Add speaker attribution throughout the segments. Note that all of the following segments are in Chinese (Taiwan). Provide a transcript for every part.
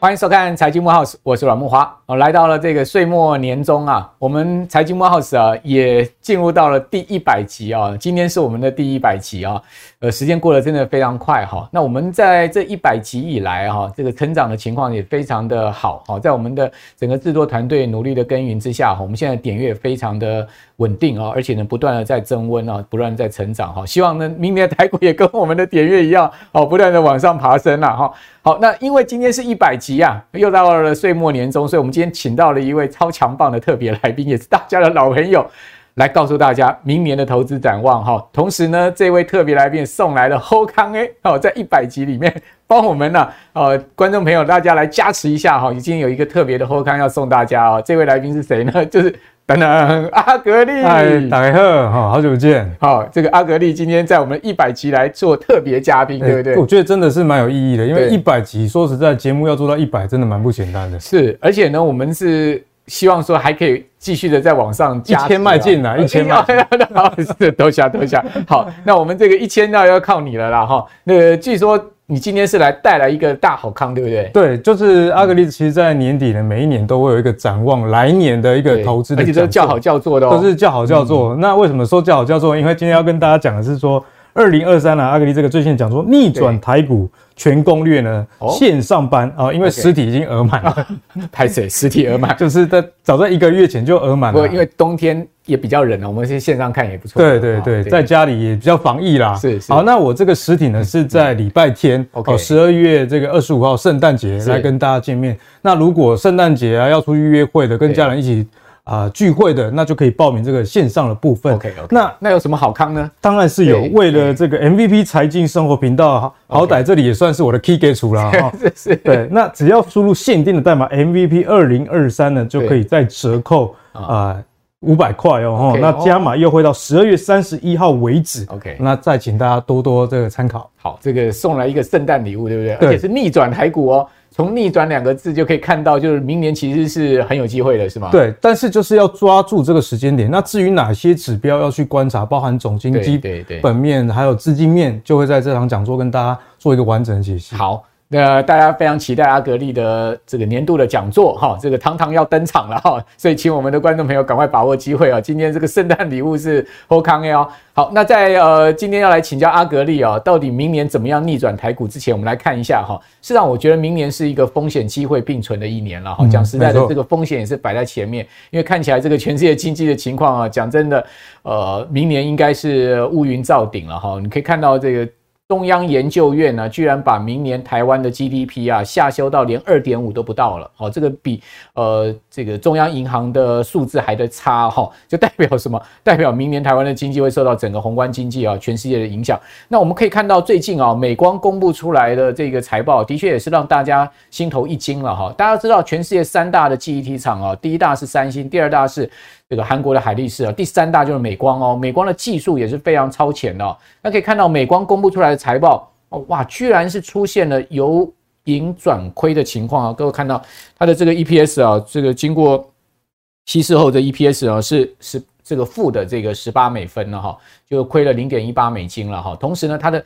Speaker 1: 歡迎收看《財經慕 House》，我是阮慕驊。我來到了這個歲末年終啊，我們《財經慕 House 啊》啊也。進入到了第一百集啊，今天是我們的第一百集啊，呃，時間過得真的非常快哈。那我們在這一百集以來哈，這個成長的情況也非常的好哈，在我們的整個制作團隊努力的耕耘之下，我們現在點閱非常的穩定啊，而且呢，不斷的在增溫啊，不斷在成長哈。希望呢，明年的台股也跟我們的點閱一樣，哦，不斷的往上爬升了哈。好，那因為今天是一百集啊，又到了歲末年終，所以我們今天請到了一位超強棒的特別來賓，也是大家的老朋友。來告訴大家明年的投資展望哈，同時呢，這位特別來賓也送來了好康哎哦，在一百集裡面幫我們呢、啊、呃，觀眾朋友大家來加持一下哈，今天有一個特別的好康要送大家哦，這位來賓是誰呢？就是等等阿格力。大家好，好久不見。好，這個阿格力今天在我們一百集來做特別嘉賓，欸，對不對？我覺得真的是
Speaker 2: 蠻有意義的，因為一百集說實在，節目要做到一百真的蠻不簡單的。是，
Speaker 1: 而且呢，我們是。希望說還可以繼續的再往上一千邁進呢，一千邁，啊，好，投下投下，好，那我們這個一千那要靠你了啦哈。那個據說你今天是來帶來一個大好康，對不對？
Speaker 2: 對，就是阿格力其實在年底呢，每一年都會有一個展望來年的一個投資，而且都是叫好叫
Speaker 1: 座的，哦，都是叫
Speaker 2: 好叫座、嗯。那為什麼說叫好叫座？因為今天要跟大家講的是說。二零二三啊，阿格力這個最近講說逆轉台股全攻略呢，線上班啊、哦哦，因為實體已經額滿了。拍、okay. 水，實體額滿，就是在早在一個月前就額滿了。因為
Speaker 1: 冬天也比較冷了，我們先線上看也不錯。
Speaker 2: 對對對，對，在家裡也比較防疫啦。是。是好，那我這個實體呢是在禮拜天，嗯 okay. 哦，十二月這個二十五號聖誕節來跟大家見面。那如果聖誕節啊要出去約會的，跟家人一起。啊、呃，聚會的那就可以報名這個線上的部分。OK，, okay 那那有什麼好康呢？嗯、當然是有，為了這個 MVP 財經生活頻道，好歹這裡也算是我的 key 給出了哈、okay, 哦。對，那只要輸入限定的代碼 MVP 二零二三呢，就可以再折扣啊五百塊哦。那加碼又會到十二月三十一號為止。OK，那再請大家多多這個參考。Okay, 好，
Speaker 1: 這個送來一個聖誕禮物，對不對？對而且是逆轉台股哦。從“逆轉”兩個字就可以看到，就是明年其實是很有機會的，是嗎？對，
Speaker 2: 但是就是要抓住這個時間點。那至於哪些指標要去觀察，包含總經濟、基本面還有資金面，就會在這場講座跟大家做一個完整的解
Speaker 1: 析。對對對。好。那、呃、大家非常期待阿格力的這個年度的講座哈、哦，這個堂堂要登場了哈、哦，所以請我們的觀眾朋友趕快把握機會啊、哦！今天這個聖誕禮物是好康 A 哦。好，那在呃今天要來請教阿格力啊、哦，到底明年怎麼樣逆轉台股之前，我們來看一下哈。事實上，我覺得明年是一個風險機會並存的一年了哈。講、哦嗯、實在的，這個風險也是擺在前面，因為看起來這個全世界經濟的情況啊，講、哦、真的，呃，明年應該是烏雲罩頂了哈、哦。你可以看到這個。中央研究院呢、啊，居然把明年台灣的 GDP 啊下修到連二點五都不到了。哦，這個比呃這個中央銀行的數字還得差哈、哦，就代表什麼？代表明年台灣的經濟會受到整個宏觀經濟啊、哦、全世界的影響。那我們可以看到最近啊、哦，美光公布出來的這個財報，的確也是讓大家心頭一驚了哈、哦。大家知道，全世界三大的記憶體廠啊、哦，第一大是三星，第二大是。這個韓國的海力士啊，第三大就是美光哦，美光的技術也是非常超前的，哦。那可以看到，美光公布出來的財報哦，哇，居然是出現了由盈轉虧的情況啊！各位看到它的這個 EPS 啊，這個經過稀釋後的 EPS 啊，是是這個負的這個十八美分了哈，哦，就虧了零點一八美金了哈，哦。同時呢，它的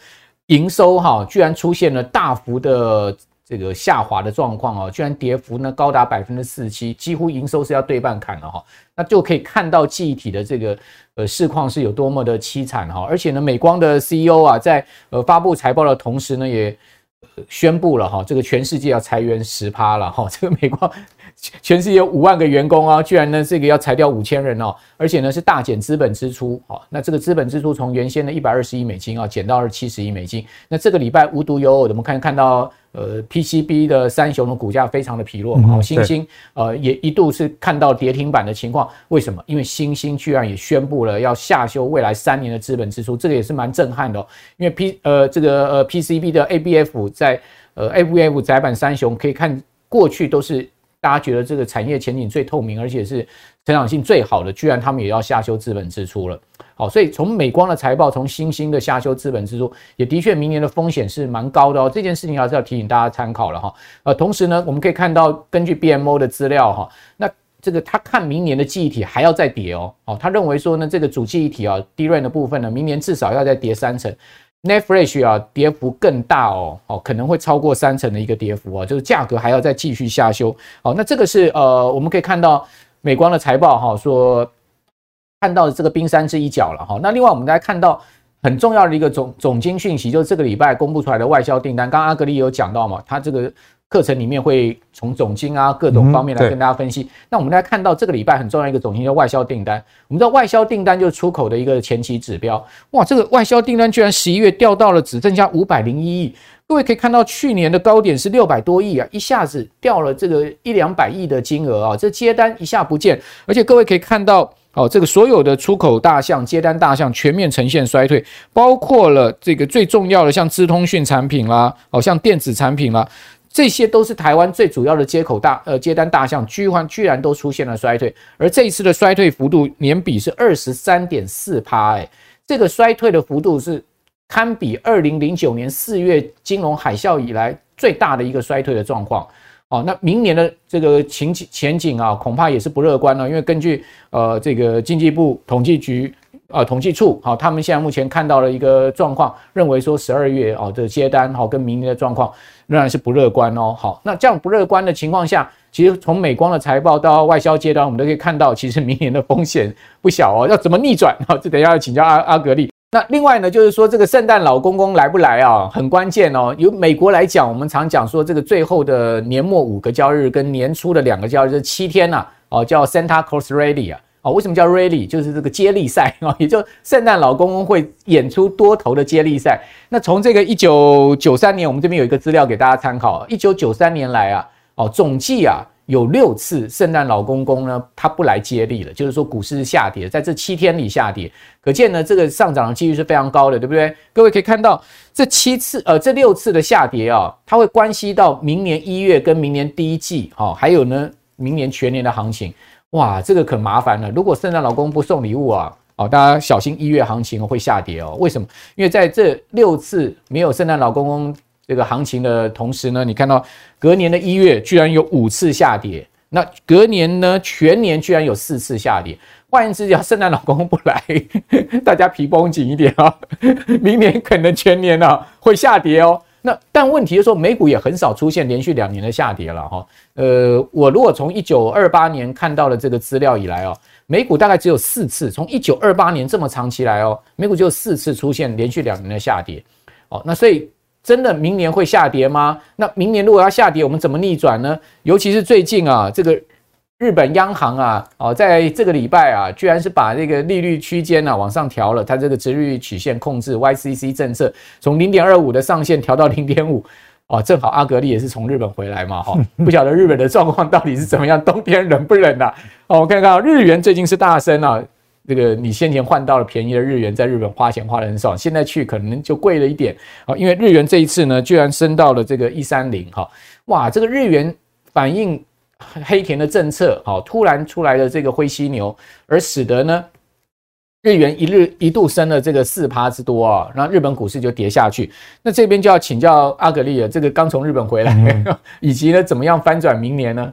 Speaker 1: 營收哈，啊，居然出現了大幅的。這個下滑的狀況哦，居然跌幅呢高達百分之四十七，幾乎營收是要對半砍了哈、哦。那就可以看到記憶體的這個呃市況是有多麼的淒慘哈、哦。而且呢，美光的 CEO 啊，在呃發布財報的同時呢，也、呃、宣佈了哈、哦，這個全世界要裁員十趴了哈、哦。這個美光全世界有五萬個員工啊，居然呢這個要裁掉五千人哦。而且呢是大減資本支出哈、哦，那這個資本支出從原先的一百二十億美金啊、哦，減到二七十億美金。那這個禮拜無獨有偶，我們看看到。呃，PCB 的三雄的股價非常的疲弱嘛，嗯，哦、欣興呃也一度是看到跌停板的情況，為什麼？因為欣興居然也宣布了要下修未來三年的資本支出，這個也是蠻震撼的、哦。因為 P 呃這個呃 PCB 的 ABF 在呃 ABF 載板三雄可以看過去都是。大家覺得這個產業前景最透明，而且是成長性最好的，居然他們也要下修資本支出了。好，所以從美光的財報，從新興的下修資本支出，也的確明年的風險是蠻高的哦。這件事情還是要提醒大家參考了哈、哦。呃，同時呢，我們可以看到，根據 BMO 的資料哈、哦，那這個他看明年的記憶體還要再跌哦。好，他認為說呢，這個主記憶體啊 DRAM 的部分呢，明年至少要再跌三成。Netfresh 啊，跌幅更大哦，哦，可能會超過三成的一個跌幅啊、哦，就是價格還要再繼續下修。哦，那這個是呃，我們可以看到美光的財報哈、哦，說看到的這個冰山之一角了哈、哦。那另外我們大家看到很重要的一個總總經訊息，就是這個禮拜公布出來的外銷訂單。剛剛阿格力有講到嘛，他這個。課程裡面會從總經啊各種方面來跟大家分析、嗯。那我們來看到這個禮拜很重要一個總經叫外銷訂單。我們知道外銷訂單就是出口的一個前期指標。哇，這個外銷訂單居然十一月掉到了只剩下五百零一億。各位可以看到去年的高點是六百多億啊，一下子掉了這個一兩百億的金額啊，這接單一下不見。而且各位可以看到哦，這個所有的出口大項接單大項全面呈現衰退，包括了這個最重要的像資通訊產品啦，好像電子產品啦、啊。這些都是台灣最主要的接口大呃接單大項，居然居然都出現了衰退，而這一次的衰退幅度年比是二十三點四趴，哎、欸，這個衰退的幅度是堪比二零零九年四月金融海嘯以來最大的一個衰退的狀況。哦，那明年的這個情景前景啊，恐怕也是不樂觀了、啊，因為根據呃這個經濟部統計局。啊、呃，統計處，好、哦，他們現在目前看到了一個狀況，認為說十二月啊的、哦、接單，好、哦，跟明年的狀況仍然是不樂觀哦。好，那這樣不樂觀的情況下，其實從美光的財報到外銷階段，我們都可以看到，其實明年的風險不小哦。要怎麼逆轉啊？這、哦、等一下要請教阿阿格力。那另外呢，就是說這個聖誕老公公來不來啊？很關鍵哦。由美國來講，我們常講說這個最後的年末五個交易日跟年初的兩個交易日，這七天吶、啊，哦，叫 Santa Claus Rally 啊。為什麼叫 Rally？就是這個接力賽啊，也就聖誕老公公會演出多頭的接力賽。那從這個一九九三年，我們這邊有一個資料給大家參考。一九九三年來啊，哦，總計啊有六次聖誕老公公呢，他不來接力了，就是說股市是下跌，在這七天裡下跌。可見呢，這個上漲的幾率是非常高的，對不對？各位可以看到這七次呃這六次的下跌啊，它會關係到明年一月跟明年第一季啊，還有呢明年全年的行情。哇，這個可麻煩了！如果聖誕老公不送禮物啊，哦，大家小心一月行情會下跌哦。為什麼？因為在這六次沒有聖誕老公公這個行情的同時呢，你看到隔年的一月居然有五次下跌，那隔年呢全年居然有四次下跌。換言之，只要聖誕老公公不來，大家皮繃緊一點啊、哦，明年可能全年啊會下跌哦。那但問題是說，美股也很少出現連續兩年的下跌了哈、哦。呃，我如果從一九二八年看到了這個資料以來哦，美股大概只有四次，從一九二八年這麼長期來哦，美股就四次出現連續兩年的下跌。哦，那所以真的明年會下跌嗎？那明年如果要下跌，我們怎麼逆轉呢？尤其是最近啊，這個。日本央行啊、哦，在這個禮拜啊，居然是把這個利率區間呢、啊、往上調了。它這個殖利率曲線控制 YCC 政策，從零點二五的上限調到零點五，哦，正好阿格力也是從日本回來嘛，哈、哦，不曉得日本的狀況到底是怎麼樣，冬天冷不冷啊？哦，我看看日元最近是大升啊，這個你先前換到了便宜的日元，在日本花錢花的很爽，現在去可能就貴了一點，哦，因為日元這一次呢，居然升到了這個一三零，哈，哇，這個日元反應。黑田的政策，好、哦、突然出來的這個灰犀牛，而使得呢日元一日一度升了這個四趴之多啊，那、哦、日本股市就跌下去。那這邊就要請教阿格力了，這個剛從日本回來，嗯、 以及呢怎麼樣翻轉明年呢？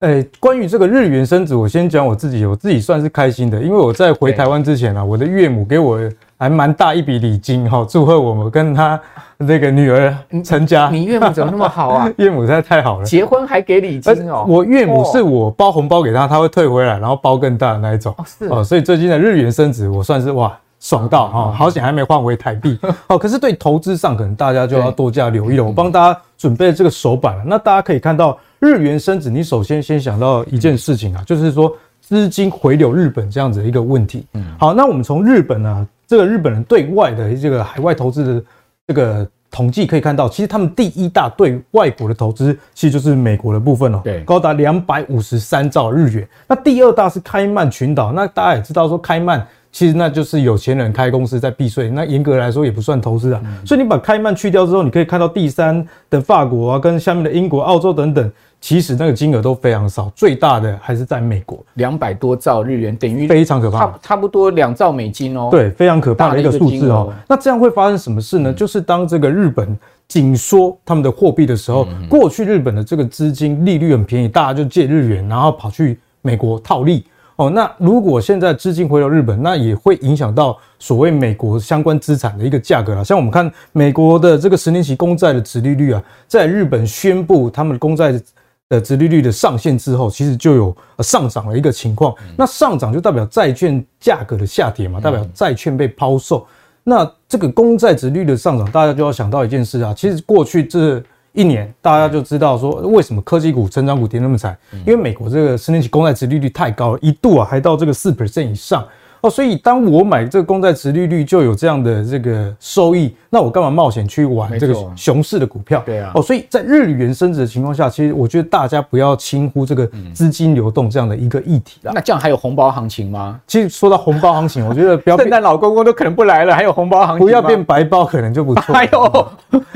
Speaker 1: 哎、欸，關於
Speaker 2: 這個日元升值，我先講我自己，我自己算是開心的，因為我在回台灣之前啊，我的岳母給我還蠻大一筆禮金哈，祝賀我們跟他這個女兒成家你。你岳母怎麼那麼好啊？岳母實在太好了，結
Speaker 1: 婚還給禮金哦、喔。
Speaker 2: 我岳母是我包紅包給他，他會退回來，然後包更大的那一種。哦、是。哦、呃，所以最近的日元升值，我算是哇。爽到啊！好險還沒換回台幣。 好，可是對投資上，可能大家就要多加留意了。我幫大家準備了這個手板了、嗯。那大家可以看到，日元升值。你首先先想到一件事情啊，嗯、就是說資金回流日本這樣子的一個問題。嗯，好，那我們從日本啊，這個日本人對外的這個海外投資的這個統計可以看到，其實他們第一大對外國的投資，其實就是美國的部分哦、對，高達兩百五十三兆日元。那第二大是開曼群島，那大家也知道說開曼。其實那就是有錢人開公司在避稅，那嚴格來說也不算投資啊、嗯。所以你把開曼去掉之後，你可以看到第三的法國啊，跟下面的英國、澳洲等等，其實那個金額都非常少，最大的還是
Speaker 1: 在美國，兩百多兆日元等於非常可怕，差差不多兩兆美金哦、喔。對，非常可怕的一個數字哦、喔。
Speaker 2: 那這樣會發生什麼事呢？嗯、就是當這個日本緊縮他們的貨幣的時候、嗯，過去日本的這個資金利率很便宜，大家就借日元，然後跑去美國套利。哦，那如果現在資金回到日本，那也會影響到所謂美國相關資產的一個價格啦、啊。像我們看美國的這個十年期公債的殖利率啊，在日本宣布他們的公債的殖利率的上限之後，其實就有上漲的一個情況。那上漲就代表債券價格的下跌嘛，代表債券被拋售。那這個公債殖率的上漲，大家就要想到一件事啊，其實過去這。一年，大家就知道說，為什麼科技股、成長股跌那麼慘？因為美國這個十年期公債殖利率太高了，一度啊還到這個四%以上。哦，所以當我買這個公債殖利率就有這樣的這個收益，那我幹嘛冒險去玩這個熊市的股票？對啊。哦，所以在日元升值的情況下，其實我覺得大家不要輕忽這個資金流動這樣的一個議題啦、嗯。那這樣還有紅包行情嗎？其實說到紅包行情，我覺得聖誕 老公公都可能不來了，還有紅包行情不要變白包，可能就不錯。哎
Speaker 1: 呦，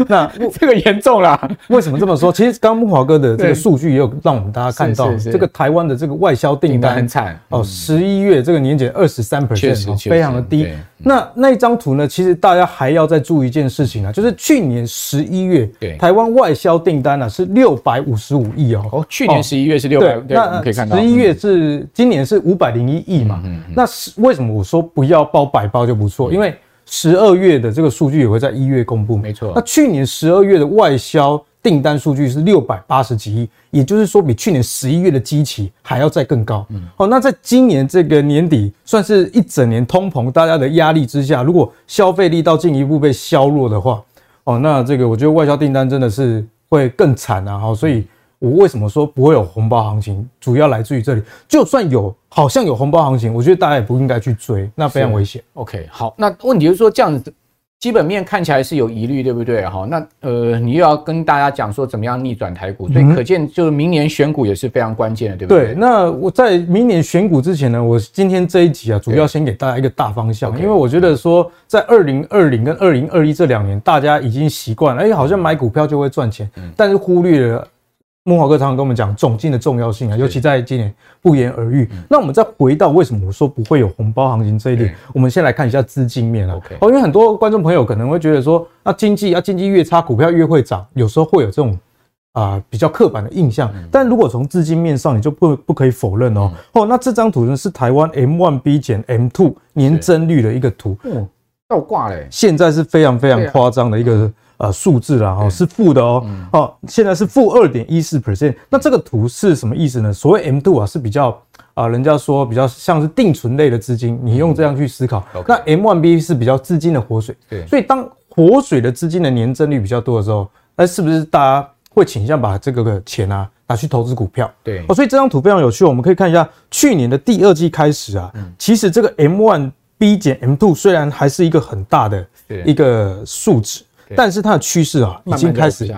Speaker 1: 那這個嚴重
Speaker 2: 啦！為什麼這麼說？ 其實剛剛慕驊哥的這個數據也有讓我們大家看到，是是是這個台灣的這個外銷訂單很慘、嗯、哦，十一月這個年減二十三。三 percent，、哦、非常的低。那那一張圖呢？其實大家還要再注意一件事情啊，就是去年十一月，對台灣外銷訂單呢、啊、是六百五十五億哦。去年十一月是六百，那可以看到十一月是，嗯、今年是五百零一億嘛、嗯哼哼。那為什麼我說不要報百包就不錯？因為十二月的這個數據也會在一月公布。沒錯，那去年十二月的外銷。訂單數據是六百八十幾億，也就是說比去年十一月的基期還要再更高。嗯，好、哦，那在今年這個年底，算是一整年通膨，大家的壓力之下，如果消費力道進一步被削弱的話，哦，那這個我覺得外銷訂單真的是會更慘啊！哈，所以，我為什麼說不會有紅包行情，主要來自於這裡。就算有，好像有紅
Speaker 1: 包行情，我覺得大家也不應該去追，那非常危險。OK，好，那問題就是說這樣子。基本面看起來是有疑慮，對不對？哈，那呃，你又要跟大家講說怎麼樣逆轉台股，所以可見就是明年選股也是非常關鍵的，嗯，對不對？對。
Speaker 2: 那我在明年選股之前呢，我今天這一集啊，主要先給大家一個大方向，因為我覺得說在二零二零跟二零二一這兩年 okay,、嗯，大家已經習慣了，哎，欸，好像買股票就會賺錢，嗯，但是忽略了。慕驊哥常常跟我們講，總經的重要性啊，尤其在今年不言而喻。那我們再回到為什麼我說不會有紅包行情這一點，我們先來看一下資金面啊、okay。因為很多觀眾朋友可能會覺得說，那經濟啊，經濟、啊、越差，股票越會漲，有時候會有這種啊、呃、比較刻板的印象。嗯、但如果從資金面上，你就不不可以否認哦。嗯、哦那這張圖呢是台灣 M one B 減 M two 年增率的一個圖，
Speaker 1: 哦、倒掛嘞、欸，
Speaker 2: 現在是非常非常誇張的一個、啊。嗯呃，數字啦，喔、是負的哦、喔，哦、嗯喔，現在是負二點一四 percent。那這個圖是什麼意思呢？所謂 M two 啊，是比較啊、呃，人家說比較像是定存類的資金、嗯，你用這樣去思考。嗯、okay, 那 M one B 是比較資金的活水，所以當活水的資金的年增率比較多的時候，那是不是大家會傾向把這個錢啊拿去投資股票？對，哦、喔，所以這張圖非常有趣，我們可以看一下去年的第二季開始啊，嗯、其實這個 M one B 減 M two 雖然還是一個很大的一個數值。但是它的趨勢啊，已經開始，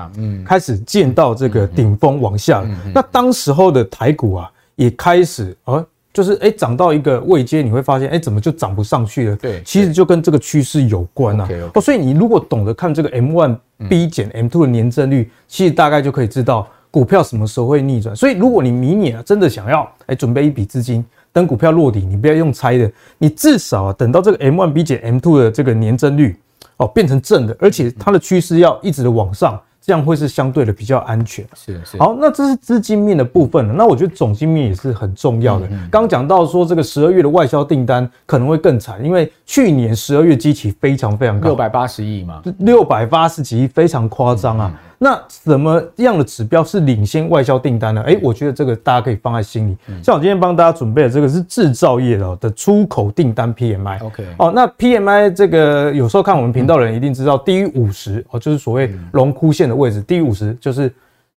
Speaker 2: 開始見到這個頂峰往下了。那當時候的台股啊，也開始，啊，就是哎、欸、漲到一個位階，你會發現，哎，怎麼就漲不上去了？對，其實就跟這個趨勢有關吶、啊。所以你如果懂得看這個 M1B 減 M2 的年增率，其實大概就可以知道股票什麼時候會逆轉。所以如果你明年啊，真的想要，哎，準備一筆資金等股票落底，你不要用猜的，你至少啊，等到這個 M1B 減 M2 的這個年增率，哦，變成正的，而且它的趨勢要一直的往上，這樣會是相對的比較安全。
Speaker 1: 是是。好，
Speaker 2: 那這是資金面的部分了，那我覺得總金面也是很重要的。剛、嗯、講、嗯、到說這個十二月的外銷訂單可能會更慘，因為去年十二月基期非常非常高，六百八十億嘛，六百八十幾億，非常誇張啊。嗯嗯那什麼樣的指標是領先外銷訂單呢？誒、欸、我覺得這個大家可以放在心裡。像我今天幫大家準備的這個是制造業的的出口訂單 PMI。Okay. Oh, 那 PMI 這個有時候看我們頻道的人一定知道，低於五十哦，就是所謂榮枯線的位置，嗯、低於五十就是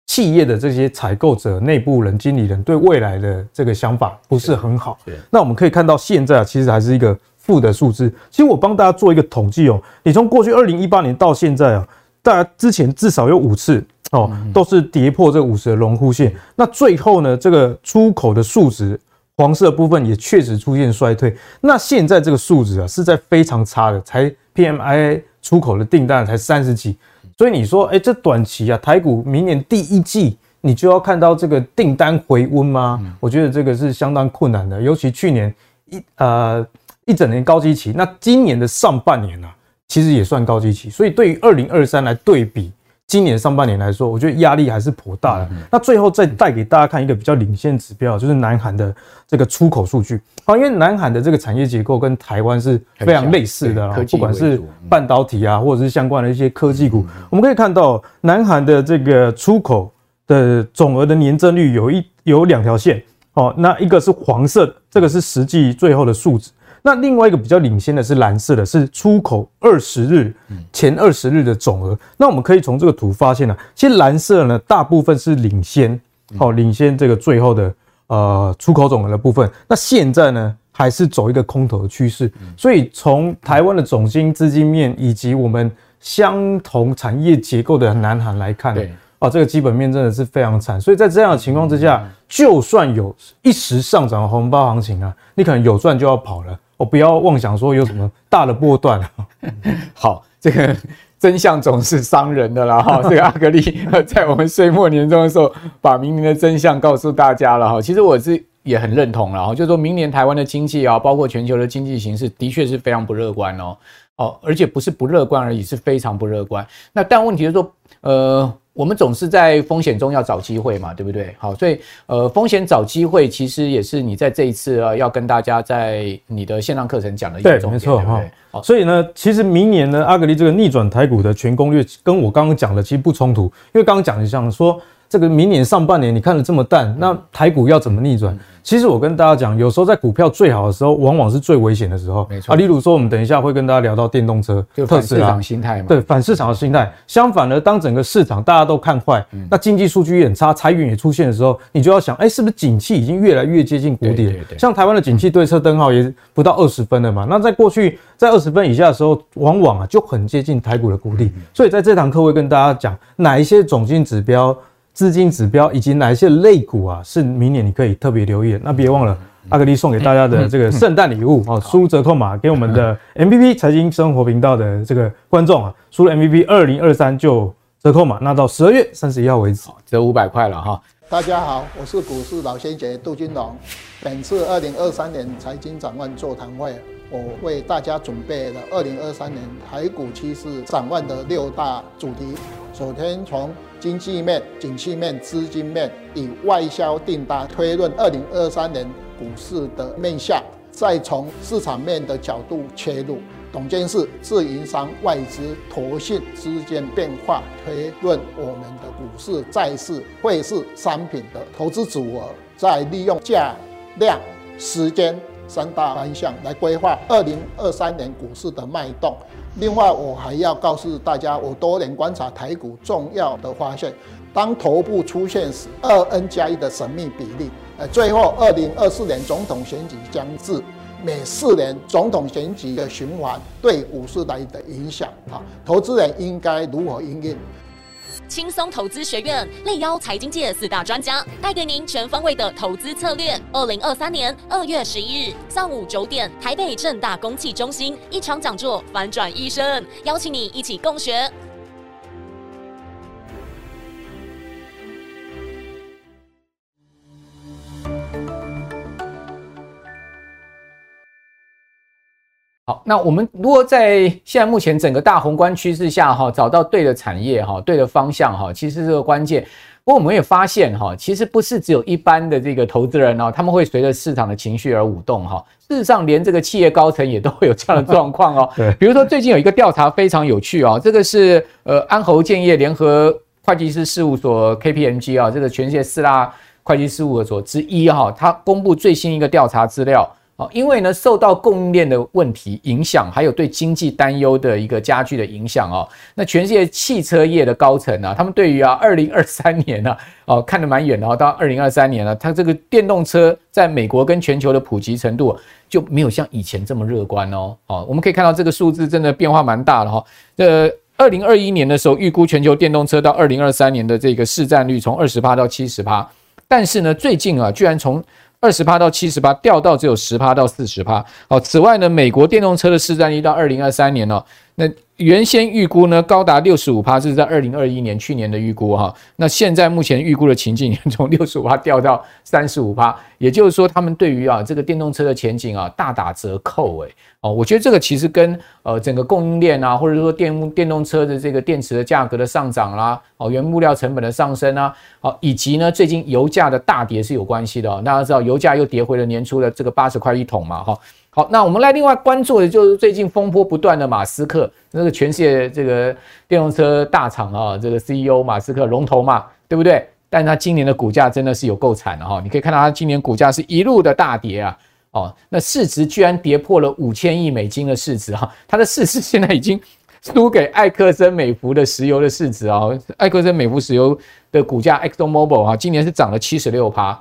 Speaker 2: 企業的這些採購者、內、嗯、部人、經理人對未來的這個想法不是很好。那我們可以看到現在其實還是一個負的數字。其實我幫大家做一個統計哦、喔，你從過去二零一八年到現在啊、喔。大家之前至少有五次哦，都是跌破這五十的榮枯線。那最後呢，這個出口的數值黃色部分也確實出現衰退。那現在這個數值啊，是在非常差的，才 PMI 出口的訂單才三十幾。所以你說，哎、欸，這短期啊，台股明年第一季你就要看到這個訂單回溫嗎、嗯？我覺得這個是相當困難的，尤其去年一呃一整年高基期，那今年的上半年呢、啊？其實也算高基期，所以對於二零二三來對比今年上半年來說，我覺得壓力還是頗大的、嗯。嗯、那最後再帶給大家看一個比較領先指標，就是南韓的這個出口數據啊、喔，因為南韓的這個產業結構跟台灣是非常類似的、喔，不管是半導體啊，或者是相關的一些科技股，我們可以看到南韓的這個出口的總額的年增率有一有兩條線哦、喔，那一個是黃色這個是實際最後的數字。那另外一個比較領先的是藍色的，是出口二十日前二十日的總額。那我們可以從這個圖發現了、啊，其實藍色呢大部分是領先，哦，領先這個最後的呃出口總額的部分。那現在呢還是走一個空頭的趨勢，所以從台灣的總經資金面以及我們相同產業結構的南韓來看，啊，啊，這個基本面真的是非常慘。所以在這樣的情況之下，就算有一時上漲的紅包行情啊，你可能有賺就要跑了。我不要妄想說有什麼大的波段。
Speaker 1: 好，這個真相總是傷人的啦哈。 這個阿格力在我們歲末年終的時候，把明年的真相告訴大家了哈。其實我是也很認同了哈，就是、說明年台灣的經濟啊，包括全球的經濟形勢，的確是非常不樂觀哦，而且不是不樂觀而已，是非常不樂觀。那但問題是說，呃。我們總是在風險中要找機會嘛，對不對？好，所以呃，風險找機會，其實也是你在這一次啊，要跟大家在你的線上課程講的一種。對，沒錯，對對，所以
Speaker 2: 呢，其實明年呢，阿格力這個逆轉台股的全攻略，跟我剛剛講的其實不衝突，因為剛剛講就像說。這個明年上半年你看了這麼淡、嗯，那台股要怎麼逆轉、嗯？其實我跟大家講，有時候在股票最好的時候，往往是最危險的時候。啊，例如說，我們等一下會跟大家聊到電動車，特斯拉，對反市場心態嘛。對反市場的心態、嗯。相反呢，當整個市場大家都看壞、嗯，那經濟數據也差，財運也出現的時候，你就要想，哎、欸，是不是景氣已經越來越接近谷底了？像台灣的景氣對策燈號也不到二十分了嘛、嗯。那在過去在二十分以下的時候，往往啊就很接近台股的谷底。所以在這堂課會跟大家講哪一些總經指標。資金指標以及哪些類股啊，是明年你可以特別留意的。那別忘了阿格力送給大家的這個聖誕禮物、嗯嗯嗯嗯、哦，輸入折扣碼給我們的 MVP 財經生活頻道的這個觀眾啊，輸入 MVP 二零二三就折扣碼。那到十二月
Speaker 1: 三十一號為止，好、哦，折五百塊了哈。
Speaker 3: 大家好，我是股市老先覺杜金龍。本次二零二三年財經展望座談會，我為大家準備了二零二三年台股期市展望的六大主題。首先從。經濟面、景氣面、資金面以外銷訂單推論，二零二三年股市的面向；再從市場面的角度切入，董監事、自營商、外資、投信之間變化推論我們的股市、債市、匯市、商品的投資組合。再利用價、量、時間三大方向來規劃二零二三年股市的脈動。另外，我還要告訴大家，我多年觀察台股重要的發現：當頭部出現時，二 n 加一的神秘比例。呃，最後，二零二四年總統選舉將至，每四年總統選舉的循環對股市的影響啊，投資人應該如何因應？輕鬆投
Speaker 1: 資學院力邀財經界四大專家，帶給您全方位的投資策略。二零
Speaker 2: 二三年二月十一日上午九點，台北政大公企中心一場講座，
Speaker 1: 反轉一生，邀請你一起共學。好，那我們如果在現在目前整個大宏觀趨勢下哈、啊，找到對的產業哈、啊，對的方向哈、啊，其實這個關鍵。不過我們也發現哈、啊，其實不是只有一般的這個投資人哦、啊，他們會隨着市場的情緒而舞動哈、啊。事實上，連這個企業高層也都會有這樣的狀況哦、啊。 對。比如說，最近有一個調查非常有趣啊，這個是呃安侯建業聯合會計師事務所 KPMG 啊，這個全世界四大會計師事務所之一哈、啊，它公布最新一個調查資料。因為呢，受到供應鏈的問題影響，還有對經濟擔憂的一個加劇的影響、哦、那全世界汽車業的高層啊，他們對於啊，二零二三年呢、啊，哦，看得蠻遠的哦，到二零二三年了、啊，他這個電動車在美國跟全球的普及程度就沒有像以前這麼樂觀哦。哦，我們可以看到這個數字真的變化蠻大的哈。呃，二零二一年的時候，預估全球電動車到二零二三年的這個市佔率從二十八到七十八，但是呢，最近啊，居然從二十趴到七十趴，掉到只有十趴到四十趴。好，此外呢，美國電動車的市占率到二零二三年呢、哦。那原先預估呢，高65，高達六十五趴，這是在二零二一年去年的預估哈、哦。那現在目前預估的情景，從六十五趴掉到三十五趴，也就是說，他們對於啊這個電動車的前景啊大打折扣誒、欸，哦，我覺得這個其實跟呃整個供應鏈啊，或者說電電動車的這個電池的價格的上漲啦，哦原物料成本的上升啊，哦以及呢最近油價的大跌是有關係的、哦。大家知道油價又跌回了年初的這個八十塊一桶嘛哈、哦。好，那我們來另外關注的就是最近風波不斷的馬斯克，那個全世界這個電動車大廠啊、哦，這個 CEO 馬斯克龍頭嘛，對不對？但他今年的股價真的是有夠慘的、哦、哈！你可以看到他今年股價是一路的大跌啊，哦，那市值居然跌破了五千億美金的市值哈，它的市值現在已經輸給埃克森美孚的石油的市值啊、哦，埃克森美孚石油的股價 Exxon Mobil 啊，今年是漲了七十六趴，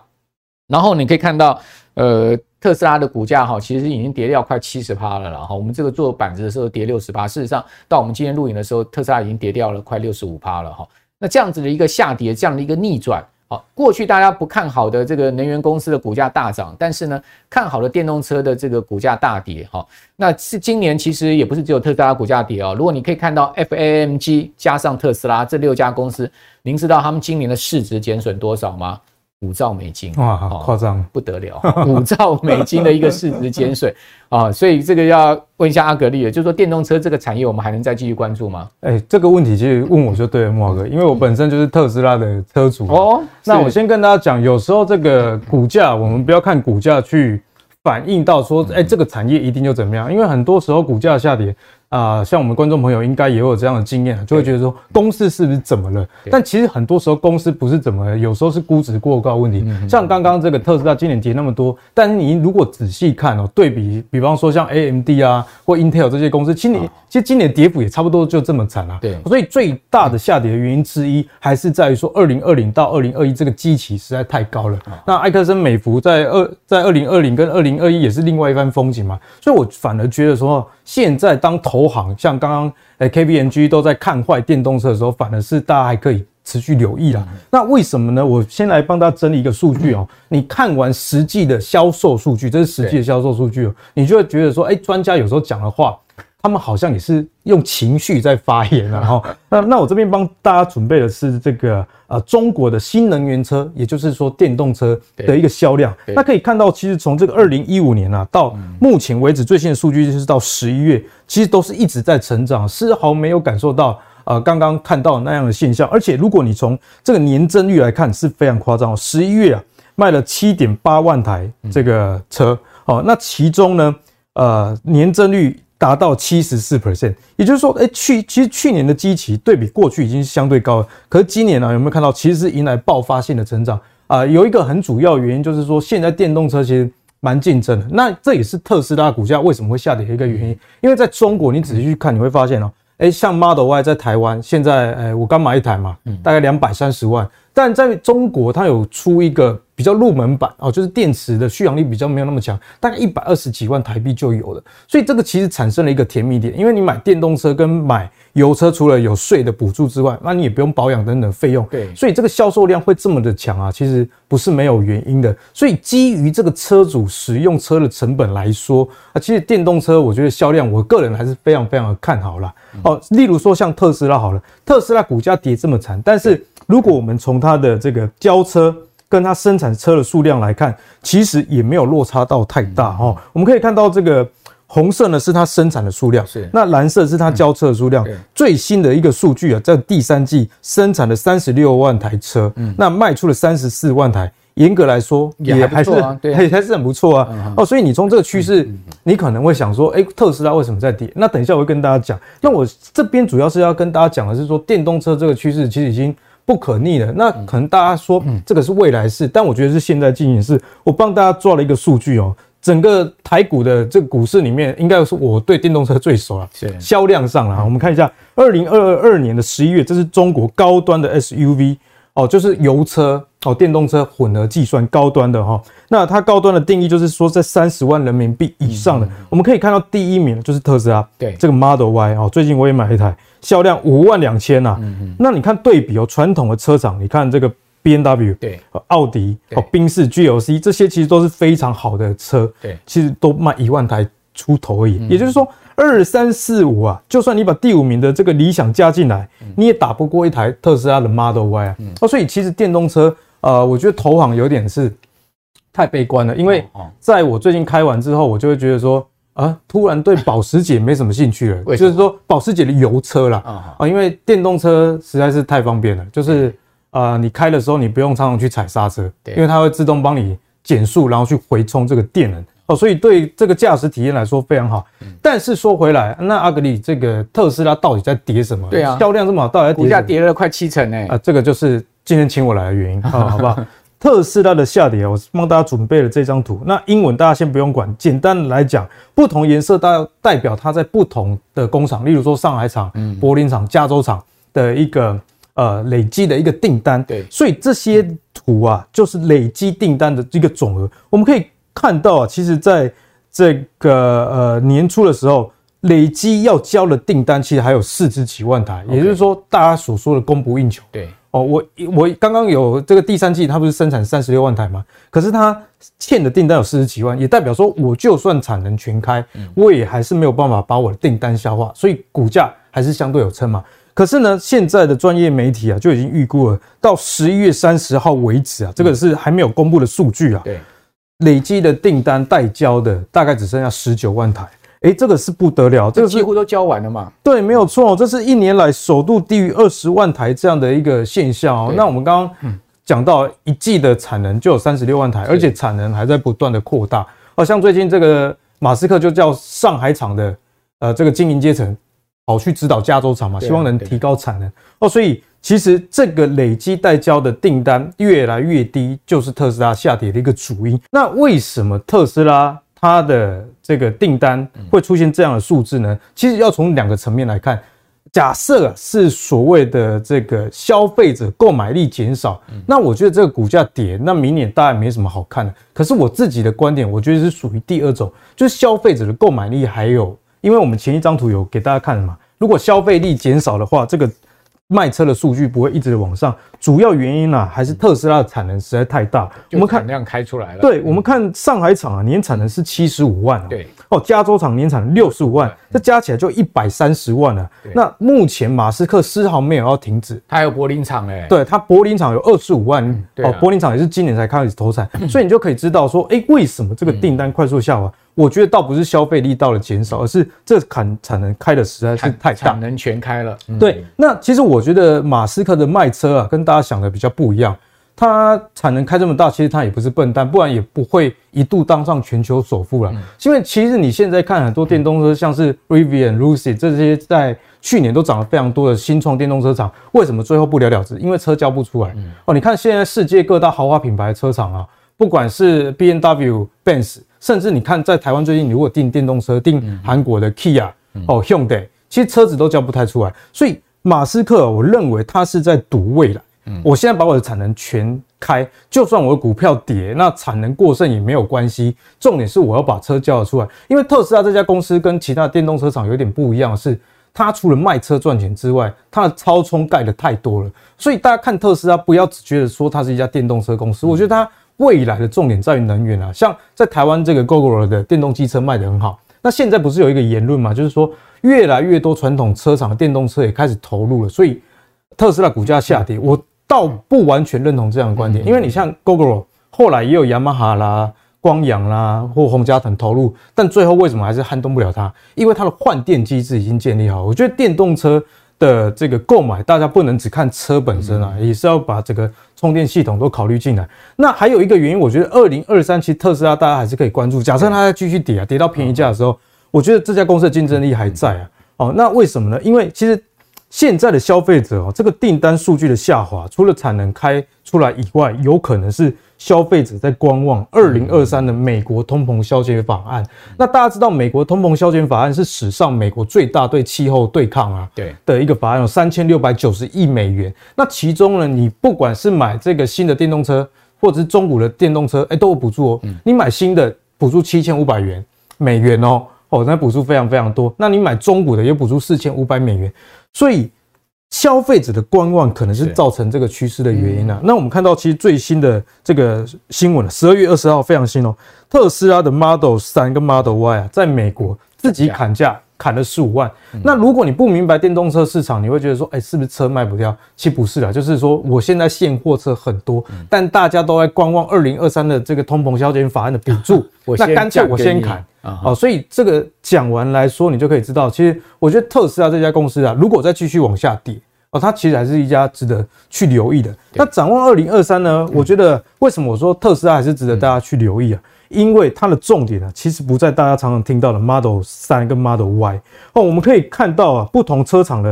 Speaker 1: 然後你可以看到，呃。特斯拉的股價哈，其實已經跌掉快七十趴了。然後我們這個做板子的時候跌六十趴。事實上到我們今天錄影的時候，特斯拉已經跌掉了快六十五趴了哈。那這樣子的一個下跌，這樣的一個逆轉，哈，過去大家不看好的這個能源公司的股價大漲，但是呢，看好的電動車的這個股價大跌，哈，那是今年其實也不是只有特斯拉股價跌啊。如果你可以看到 FAMG 加上特斯拉這六家公司，您知道他們今年的市值減損多少嗎？五兆美金哇，誇、哦、張，不得了！五、哦、兆美金的一個市值減稅啊，所以這個要問一下阿格力了，就是說電動車這個產業，我們還能再繼續關注嗎？
Speaker 2: 哎、欸，這個問題其實問我就對了，慕驊哥，因為我本身就是特斯拉的車主哦、嗯。那我先跟大家講，有時候這個股價，我們不要看股價去反映到說，哎、欸，這個產業一定就怎麼樣，因為很多時候股價下跌。啊、呃，像我們觀眾朋友應該也有這樣的經驗、啊，就會覺得說公司是不是怎麼了？但其實很多時候公司不是怎麼了，有時候是估值過高問題。像剛剛這個特斯拉今年跌那麼多，但是你如果仔細看哦、喔，對比，比方說像 AMD 啊或 Intel 這些公司，今年、啊、其實今年跌幅也差不多，就這麼慘啊。對，所以最大的下跌的原因之一還是在於說，二零二零到二零二一這個基期實在太高了。啊、那埃克森美孚在二在二零二零跟二零二一也是另外一番風景嘛，所以我反而覺得說，現在當頭。投行像剛剛誒 KBNG 都在看壞電動車的時候，反而是大家還可以持續留意啦。那為什麼呢？我先來幫大家整理一個數據哦。你看完實際的銷售數據，這是實際的銷售數據，你就會覺得說，哎，專家有時候講的話。他們好像也是用情緒在發言了哈。 那那我這邊幫大家準備的是這個啊、呃，中國的新能源車，也就是說電動車的一個銷量。那可以看到，其實從這個二零一五年啊到目前為止最新的數據，就是到十一月、嗯，其實都是一直在成長，絲毫沒有感受到啊剛剛看到的那樣的現象。而且如果你從這個年增率來看，是非常誇張。十一月啊賣了七點八萬台這個車、嗯、哦，那其中呢呃年增率，達到七十四 percent，也就是說，誒、欸、去其實去年的基期對比過去已經是相對高了。可是今年呢、啊，有沒有看到其實是迎來爆發性的成長啊、呃？有一個很主要的原因就是說，現在電動車其實蠻競爭的。那這也是特斯拉股價為什麼會下跌的一個原因，因為在中國你仔細去看，你會發現哦、喔，誒、欸、像 Model Y 在台灣現在，誒、欸、我剛買一台嘛，大概兩百三十萬、嗯，但在中國它有出一個。比較入門版哦，就是電池的續航力比較沒有那麼強，大概一百二十幾萬台幣就有了。所以這個其實產生了一個甜蜜點，因為你買電動車跟買油車除了有稅的補助之外，那你也不用保養等等費用，對，所以這個銷售量會這麼的強啊，其實不是沒有原因的。所以基於這個車主使用車的成本來說，啊，其實電動車我覺得銷量我個人還是非常非常的看好啦。哦，例如說像特斯拉好了，特斯拉股價跌這麼慘，但是如果我們從它的這個交車，跟它生產車的數量來看，其實也沒有落差到太大哈、嗯哦。我們可以看到這個紅色呢是它生產的數量，是那藍色是它交車的數量、嗯。最新的一個數據啊，在第三季生產了三十六萬台車，嗯，那賣出了三十四萬台。嚴格來說也還是也還、啊、對、啊，還是很不錯啊、嗯。哦，所以你從這個趨勢、嗯，你可能會想說，哎、欸，特斯拉為什麼在跌？那等一下我會跟大家講。那我這邊主要是要跟大家講的是說，電動車這個趨勢其實已經。不可逆的，那可能大家說這個是未來式，嗯嗯，但我覺得是現在進行式。我幫大家做了一個數據哦，整個台股的這個股市裡面，應該是我對電動車最熟了。銷量上了啊，我們看一下二零二二年的十一月，這是中國高端的 SUV 哦，就是油車哦，電動車混合計算高端的哈。那它高端的定義就是說在三十萬人民幣以上的嗯嗯嗯，我們可以看到第一名就是特斯拉，對，這個 Model Y 哦，最近我也買了一台。銷量五萬兩千啊、嗯，那你看對比哦，傳統的車廠，你看這個 B M W，對，奧迪，哦，賓士 G L C，這些其實都是非常好的車，對，其實都賣一萬台出頭而已。嗯、也就是說，二三四五啊，就算你把第五名的這個理想加進來、嗯，你也打不過一台特斯拉的 Model Y 啊、嗯、啊。所以其實電動車，呃，我覺得投行有點是太悲觀了，因為在我最近開完之後，我就會覺得說。啊，突然對保時捷沒什麼興趣了，就是說保時捷的油車啦，啊，因為電動車實在是太方便了，就是啊、呃，你開的時候你不用常常去踩剎車，因為它會自動幫你減速，然後去回充這個電能，哦，所以對這個駕駛體驗來說非常好。但是說回來，那阿格力這個特斯拉到底在跌什麼？對啊，銷量這麼好，到底股價跌了快七成呢？啊，這個就是今天請我來的原因，好不好，好？ 特斯拉的下跌，我幫大家準備了這張圖。那英文大家先不用管，簡單來講，不同顏色代代表它在不同的工廠，例如說上海廠、嗯、柏林廠、加州廠的一個呃累積的一個訂單。對，所以這些圖啊，就是累積訂單的一個總額。我們可以看到啊，其實在這個呃年初的時候，累積要交的訂單其實還有四十幾萬台、okay，也就是說大家所說的供不應求。對。哦，我我剛剛有這個第三季，它不是生產三十六萬台嗎？可是它欠的訂單有四十幾萬，也代表說我就算產能全開，我也還是沒有辦法把我的訂單消化，所以股價還是相對有撐嘛。可是呢，現在的專業媒體啊，就已經預估了，到十一月三十號為止啊，這個是還沒有公布的數據啊，對，累計的訂單待交的大概只剩下十九萬台。哎，這個是不得了，這個
Speaker 1: 幾乎都交完了嘛、這
Speaker 2: 個。對，沒有錯，這是一年來首度低於二十萬台這樣的一個現象哦。那我們剛剛講到一季的產能就有三十六萬台，而且產能還在不斷的擴大好、哦、像最近這個馬斯克就叫上海廠的呃這個經營階層跑去指導加州廠嘛，啊、希望能提高產能哦。所以其實這個累積待交的訂單越來越低，就是特斯拉下跌的一個主因。那為什麼特斯拉它的？這個訂單會出現這樣的數字呢？其實要從兩個層面來看。假設是所謂的這個消費者購買力減少，那我覺得這個股價跌，那明年大概沒什麼好看的。可是我自己的觀點，我覺得是屬於第二種，就是消費者的購買力還有，因為我們前一張圖有給大家看了嘛。如果消費力減少的話，這個。賣車的數據不會一直往上，主要原因呢、啊、還是特斯拉的產能實在太大。我們看量開出來了、嗯。對，我們看上海廠啊，年產能是七十五萬。對，哦，加州廠年產能六十五萬，這加起來就一百三十萬了、啊。那目前馬斯克絲毫沒有要停止。
Speaker 1: 他還有柏林廠誒、欸、
Speaker 2: 對他柏林廠有二十五萬哦、啊，柏林廠也是今年才開始投產、啊，所以你就可以知道說，誒、欸、為什麼這個訂單快速下滑？嗯嗯我覺得倒不是消費力道的減少，而是這產能開的實在是太產能全開了。對，那其實我覺得馬斯克的賣車啊，跟大家想的比較不一樣。他產能開這麼大，其實他也不是笨蛋，不然也不會一度當上全球首富了、嗯。因為其實你現在看很多電動車，嗯、像是 Rivian、Lucid 這些在去年都漲了非常多的新創電動車廠，為什麼最後不了了之？因為車交不出來、嗯。哦，你看現在世界各大豪華品牌的車廠啊，不管是 B M W、Benz。甚至你看，在台灣最近，你如果訂電動車，訂韓國的 Kia、嗯、哦、Hyundai，其實車子都交不太出來。所以馬斯克，我認為他是在賭未來。嗯，我現在把我的產能全開，就算我的股票跌，那產能過剩也沒有關係。重點是我要把車交出來。因為特斯拉這家公司跟其他電動車廠有點不一樣的是，是它除了賣車賺錢之外，它的超充蓋得太多了。所以大家看特斯拉，不要只覺得說它是一家電動車公司，嗯、我覺得它。未來的重點在於能源啊，像在台灣這個 Gogoro 的電動機車賣得很好。那現在不是有一個言論嘛，就是說越來越多傳統車廠的電動車也開始投入了，所以特斯拉股價下跌。我倒不完全認同這樣的觀點，嗯嗯嗯。因為你像 Gogoro 後來也有雅馬哈啦、光陽啦或宏佳騰投入，但最後為什麼還是撼動不了它？因為它的換電機制已經建立好。我覺得電動車。的這個購買，大家不能只看車本身啊，也是要把整個充電系統都考慮進來、嗯。那還有一個原因，我覺得二零二三其實特斯拉大家還是可以關注。假設它再繼續跌啊，跌到便宜價的時候、嗯，我覺得這家公司的競爭力還在啊、嗯。哦，那為什麼呢？因為其實。現在的消費者啊、喔，這個訂單數據的下滑，除了產能開出來以外，有可能是消費者在觀望。二零二三的美國通膨消減法案、嗯，嗯嗯、那大家知道，美國通膨消減法案是史上美國最大對氣候對抗啊，對的一個法案，有三千六百九十億美元。那其中呢，你不管是買這個新的電動車，或者是中古的電動車、欸，誒都有補助哦、喔。你買新的，補助七千五百元美元哦、喔。哦，那補助非常非常多。那你買中古的也補助四千五百美元，所以消費者的觀望可能是造成這個趨勢的原因啊。那我們看到其實最新的這個新聞了，十二月二十號非常新哦，特斯拉的 Model 三跟 Model Y 啊，在美國自己砍價砍了十五萬、嗯。那如果你不明白電動車市場，你會覺得說，哎、欸，是不是車賣不掉？其實不是啊，就是說我現在現貨車很多、嗯，但大家都在觀望二零二三的這個通膨削減法案的補助， 那乾脆我先砍。啊、哦，所以這個講完來說，你就可以知道，其實我覺得特斯拉這家公司啊，如果再繼續往下跌哦，它其實還是一家值得去留意的。那展望二零二三呢？我覺得為什麼我說特斯拉還是值得大家去留意啊？嗯、因為它的重點呢、啊，其實不在大家常常聽到的 Model 三跟 Model Y。哦，我們可以看到啊，不同車廠的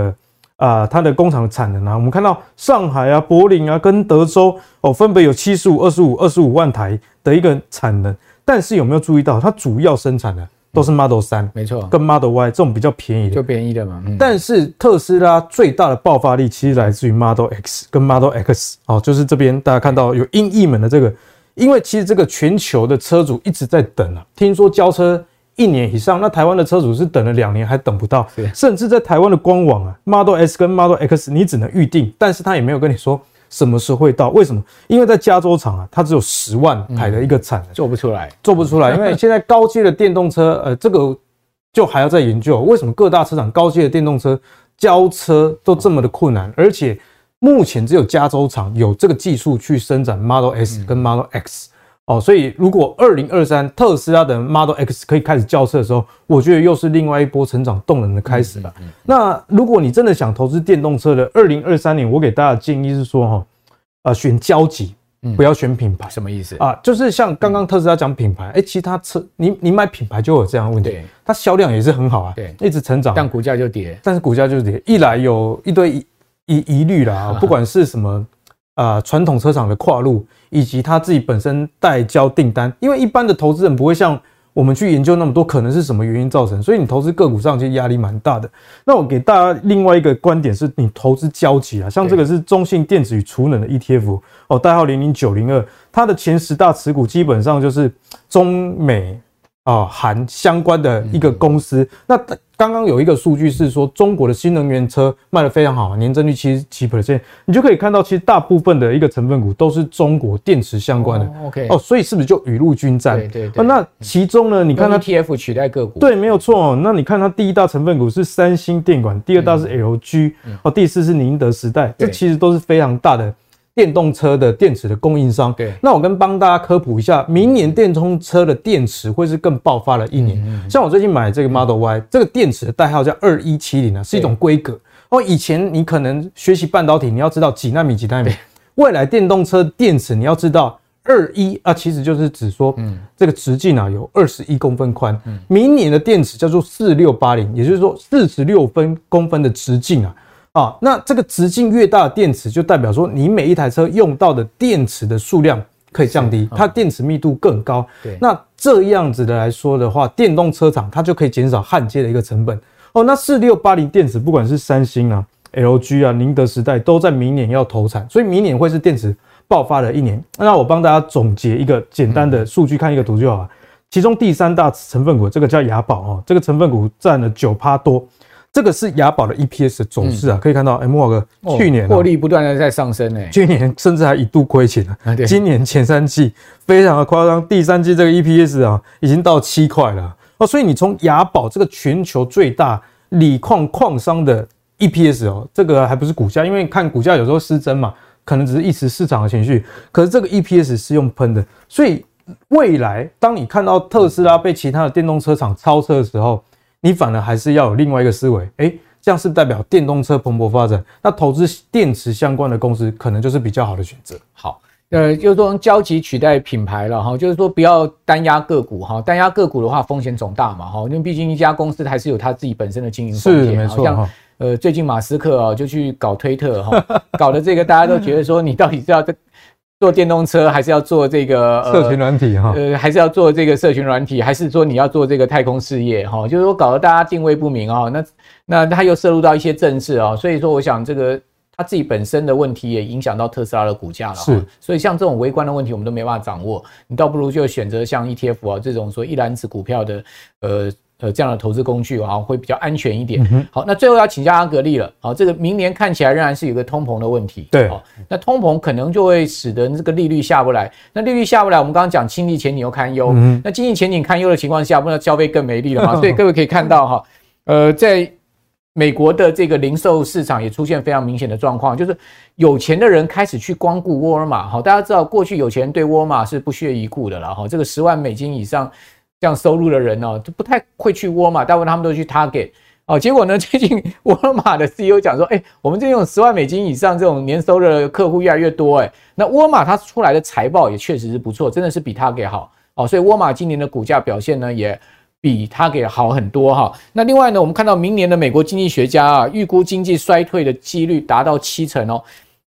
Speaker 2: 啊、呃，它的工廠的產能啊，我們看到上海啊、柏林啊跟德州哦，分別有七十五、二十五、二十五萬台的一個產能。但是有沒有注意到，它主要生產的都是 Model 3、嗯，沒錯，跟 Model Y 這種比較便宜的，就便宜的嘛、嗯。但是特斯拉最大的爆發力其實來自於 Model X 跟 Model X，哦，就是這邊大家看到有鷗翼門的這個、嗯，因為其實這個全球的車主一直在等啊，聽說交車一年以上，嗯、那台灣的車主是等了兩年還等不到，甚至在台灣的官網啊，Model S 跟 Model X 你只能預定，但是他也沒有跟你說。什麼時候會到？為什麼？因為在加州廠啊，它只有十萬台的一個產能、嗯，做不出來，做不出來。因、嗯、為現在高階的電動車，呃，這個就還要再研究。為什麼各大車廠高階的電動車交車都這麼的困難、嗯？而且目前只有加州廠有這個技術去生產 Model S 跟 Model X、嗯。哦，所以如果二零二三特斯拉的 Model X 可以開始交車的時候，我覺得又是另外一波成長動能的開始了。那如果你真的想投資電動車的二零二三年，我給大家的建議是說哈、哦呃，選交集，不要選品牌。什麼意思啊？就是像剛剛特斯拉講品牌，哎，其他車你你買品牌就有這樣的問題，它銷量也是很好啊，對，一直成長，但股價就跌，但是股價就跌，一來有一堆疑疑慮啦，不管是什麼。啊、呃，傳統車廠的跨入，以及他自己本身代交訂單，因為一般的投資人不會像我們去研究那麼多，可能是什麼原因造成，所以你投資個股上其實壓力蠻大的。那我給大家另外一個觀點是，你投資交集啊，像這個是中信電子與儲能的 ETF 哦，代號零零九零二，它的前十大持股基本上就是中美啊韓、哦、相關的一個公司，嗯、那。剛剛有一個數據是說，中國的新能源車賣得非常好，年增率七十七 percent，你就可以看到，其實大部分的一個成分股都是中國電池相關的。Oh, OK，哦，所以是不是就雨露均沾？對對對、哦。那其中呢，你看它
Speaker 1: ETF 取代個股，對，
Speaker 2: 沒有錯、哦。那你看它第一大成分股是三星電管，第二大是 LG，哦，第四是寧德時代，這其實都是非常大的。電動車的電池的供應商，對，那我跟幫大家科普一下，明年電動車的電池會是更爆發了一年嗯嗯。像我最近買這個 Model Y，這個電池的代號叫二一七零啊，是一種規格。哦，以前你可能學習半導體，你要知道幾納米幾納米。未來電動車電池，你要知道二一啊，其實就是指說，這個直徑啊有二十一公分寬。嗯。明年的電池叫做四六八零，也就是說四十六分公分的直徑啊。啊、哦，那這個直徑越大的電池，就代表說你每一台車用到的電池的數量可以降低，嗯，它電池密度更高對。那這樣子的來說的話，電動車廠它就可以減少焊接的一個成本。哦，那四六八零電池，不管是三星啊、LG 啊、寧德時代，都在明年要投產，所以明年會是電池爆發的一年。那我幫大家總結一個簡單的數據，看一個圖就好了，嗯。其中第三大成分股，這個叫雅寶啊，這個成分股占了九趴多。這個是雅寶的 EPS 的走勢啊，可以看到 m o r 去年獲、喔、利、哦、不斷的在上升誒、欸，去年甚至還一度虧錢了。今年前三季非常的誇張，第三季這個 EPS 啊已經到七塊了哦、啊，所以你從雅寶這個全球最大鋰礦礦商的 EPS 哦、喔，這個還不是股價，因為看股價有時候失真嘛，可能只是一時市場的情緒，可是這個 EPS 是用噴的，所以未來當你看到特斯拉被其他的電動車廠超車的時候，你反而還是要有另外一個思維，哎，這樣是代表電動車蓬勃發展，那投資電池相關的公司可能就是比較好的選
Speaker 1: 擇。好，呃，就是說交集取代品牌了哈，就是說不要單押個股哈，單押個股的話風險總大嘛哈，因為畢竟一家公司還是有他自己本身的經營風險。是，沒錯、哦、呃，最近馬斯克啊就去搞推特哈， 搞的這個大家都覺得說你到底是要在。做電動車還是要做這個、呃、社群軟體哈，呃，還是要做這個社群軟體，還是說你要做這個太空事業哈？就是說搞得大家定位不明啊，那那他又涉入到一些政治啊，所以說我想這個他自己本身的問題也影響到特斯拉的股價了。是，所以像這種微觀的問題我們都沒辦法掌握，你倒不如就選擇像 ETF 啊這種說一籃子股票的，呃。呃，這樣的投資工具啊，會比較安全一點。好，那最後要請教阿格力了。好，這個明年看起來仍然是有個通膨的問題。對，那通膨可能就會使得這個利率下不來。那利率下不來，我們剛剛講經濟前景又堪憂。那經濟前景堪憂的情況下，不是消費更沒力了嗎？所以各位可以看到哈，呃，在美國的這個零售市場也出現非常明顯的狀況，就是有錢的人開始去光顧沃爾瑪。好，大家知道過去有錢人對沃爾瑪是不屑一顧的了。哈，這個十萬美金以上。這樣收入的人哦，就不太會去沃爾瑪，大部分他們都去 Target 哦。結果呢，最近沃爾瑪的 CEO 講說，誒我們這種十萬美金以上這種年收的客戶越來越多，誒那沃爾瑪它出來的財報也確實是不錯，真的是比 Target 好哦。所以沃爾瑪今年的股價表現呢，也比 Target 好很多哈、哦。那另外呢，我們看到明年的美國經濟學家啊，預估經濟衰退的幾率達到七成哦。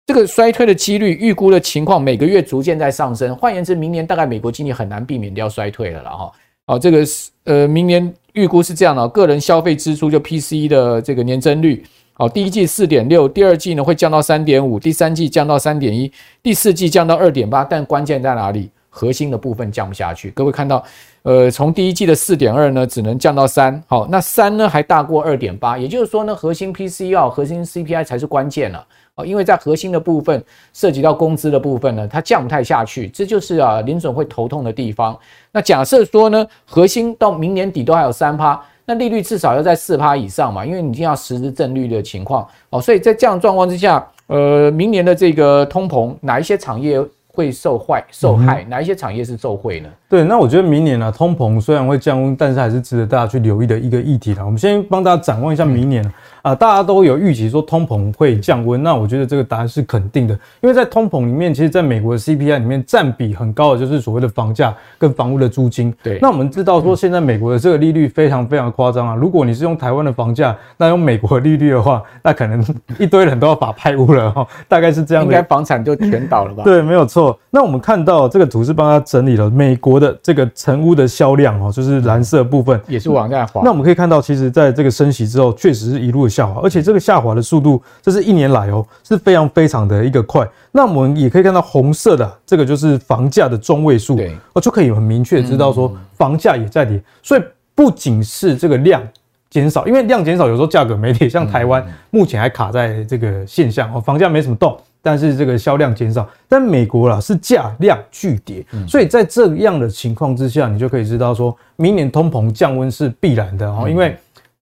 Speaker 1: 這個衰退的幾率預估的情況，每個月逐漸在上升。換言之，明年大概美國經濟很難避免掉衰退了啦哈。哦，這個是呃，明年預估是這樣的，哦，個人消費支出就 PCE 的這個年增率，哦，第一季四點六，第二季呢會降到三點五，第三季降到三點一，第四季降到二點八，但關鍵在哪裡？核心的部分降不下去，各位看到。呃，從第一季的四點二呢，只能降到三。好，那三呢還大過二點八，也就是說呢，核心 P C R、核心 C P I 才是關鍵了啊、哦。因為在核心的部分涉及到工資的部分呢，它降不太下去，這就是啊聯準會頭痛的地方。那假設說呢，核心到明年底都還有三趴，那利率至少要在四趴以上嘛，因為你一定要實質正率的情況哦。所以在這樣狀況之下，呃，明年的這個通膨，哪一些產業？會受壞受害、嗯，哪一些產業是受惠呢？
Speaker 2: 對，那我覺得明年呢、啊，通膨雖然會降溫，但是還是值得大家去留意的一個議題啦。我們先幫大家展望一下明年。嗯啊、呃，大家都有預期說通膨會降溫，那我覺得這個答案是肯定的，因為在通膨裡面，其實，在美國的 CPI 裡面佔比很高的就是所謂的房價跟房屋的租金。對。那我們知道說現在美國的這個利率非常非常誇張啊，如果你是用台灣的房價，那用美國的利率的話，那可能一堆人都要法拍屋了哈，大概是這樣的。應該房產就全倒了吧？對，沒有錯。那我們看到這個圖是幫他整理了美國的這個成屋的銷量哦，就是藍色部分也是往下滑。那我們可以看到，其實在這個升息之後，確實是一路。下滑，而且這個下滑的速度，這是一年來哦、喔，是非常非常的一個快。那我們也可以看到紅色的這個就是房價的中位數，哦，就可以很明確知道說房價也在跌。所以不僅是這個量減少，因為量減少有時候價格沒跌，像台灣目前還卡在這個現象哦，房價沒什麼動，但是這個銷量減少。但美國啦是價量巨跌，所以在這樣的情況之下，你就可以知道說，明年通膨降溫是必然的哦，因為。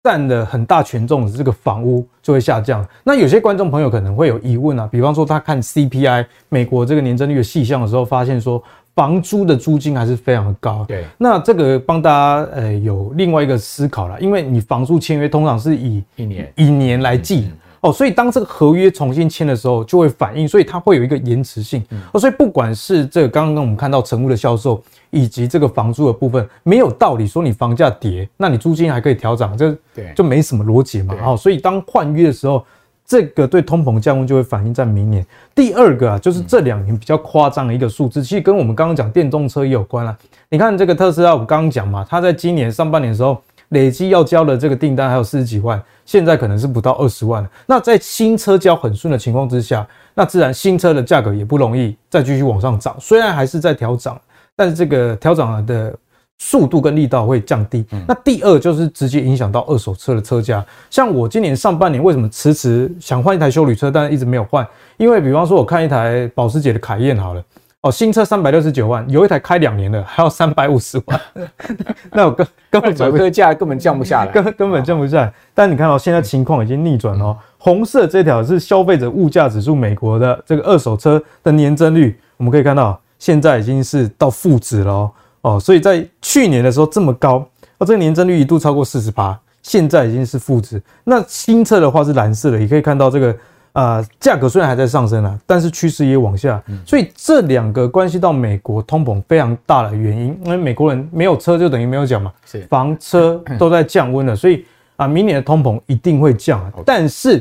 Speaker 2: 佔的很大權重，這個房屋就會下降。那有些觀眾朋友可能會有疑問啊，比方說他看 C P I 美國這個年增率的細項的時候，發現說房租的租金還是非常的高。對，那這個幫大家呃有另外一個思考啦，因為你房租簽約通常是以一年以年來計。嗯哦，所以當這個合約重新簽的時候，就會反映，所以它會有一個延遲性。哦，所以不管是這個剛剛我們看到成屋的銷售，以及這個房租的部分，沒有道理說你房價跌，那你租金還可以調漲，這就沒什麼邏輯嘛。哦，所以當換約的時候，這個對通膨降溫就會反映在明年。第二個啊，就是這兩年比較誇張的一個數字，其實跟我們剛剛講電動車也有關了啊。你看這個特斯拉，我剛剛講嘛，它在今年上半年的時候。累計要交的這個訂單還有四十幾萬，現在可能是不到二十萬了。那在新車交很順的情況之下，那自然新車的價格也不容易再繼續往上漲。雖然還是在調漲，但是這個調漲的速度跟力道會降低。嗯、那第二就是直接影響到二手車的車價。像我今年上半年為什麼遲遲想換一台休旅車，但是一直沒有換，因為比方說我看一台保時捷的凱宴好了。哦，新車三百六十九萬，有一台開兩年的，還要三百五十萬， 那我根根本整個價根本降不下來，根 根本降不下來。 但你看到、哦、現在情況已經逆轉了、哦嗯，紅色這條是消費者物價指數，美國的、嗯、這個二手車的年增率，我們可以看到，現在已經是到負值了哦。哦，所以在去年的時候這麼高，哦，這個年增率一度超過四十八，現在已經是負值。那新車的話是藍色的，也可以看到這個。啊，價格雖然還在上升了、啊，但是趨勢也往下、嗯，所以這兩個關係到美國通膨非常大的原因，因為美國人沒有車就等於沒有腳嘛，房車都在降溫了，所以啊，明年的通膨一定會降、啊、但是